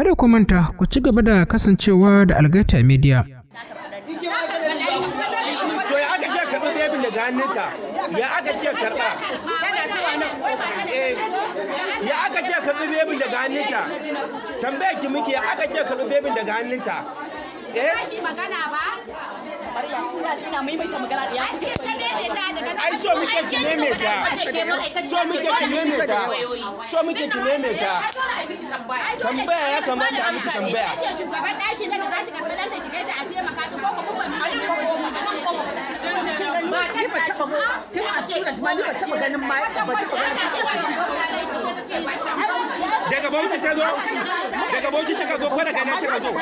Kada ku manta ku ci gaba da kasancewa da Algaita Media. ya aka ke karɓa karɓi bebin daga hannunta eh, tambaya ki muke ya aka ke karɓi bebin daga hannunta eh magana ba Maryam tuna tana maimaita magana da ya ce ai so muke ki neme ta so muke ki neme ta ya kamata a daga ma daga ta zo daga bauchi ta zo ko daga nan ta zo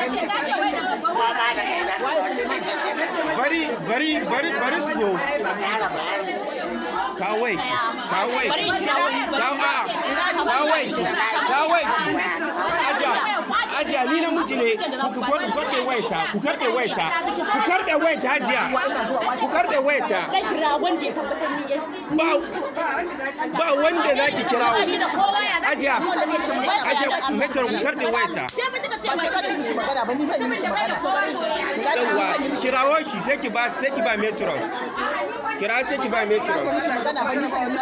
bari bari bari bari su zo kawo wai kawo wai kawo wai kawo wai aja aja ni na namiji ne ku karɓe waita ku karɓe waita ku karɓe waita aja, ku karɓe waita ba wanda za ki kira ajiya ajiya ku karɓe waita ba ke magana ba ni magana yawa kirawo shi sai ki ba sai kira sai ki ba metron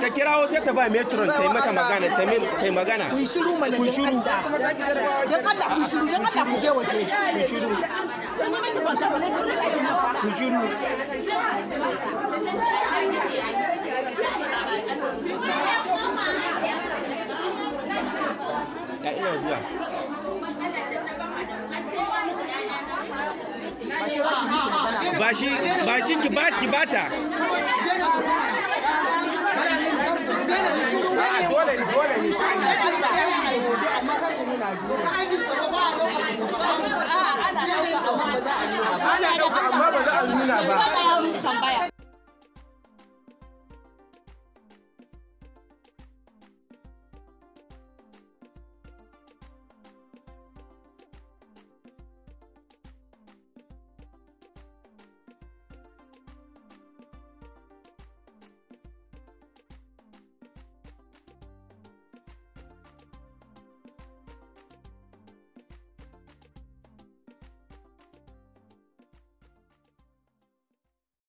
ta kirawo sai ta ba metron ta yi mata magana ta yi magana ku shiru mana ku shiru dan Allah ku shiru dan Allah ku je waje ku shiru ku shiru bashi ki ba ki bata ana amma ba za a nuna ba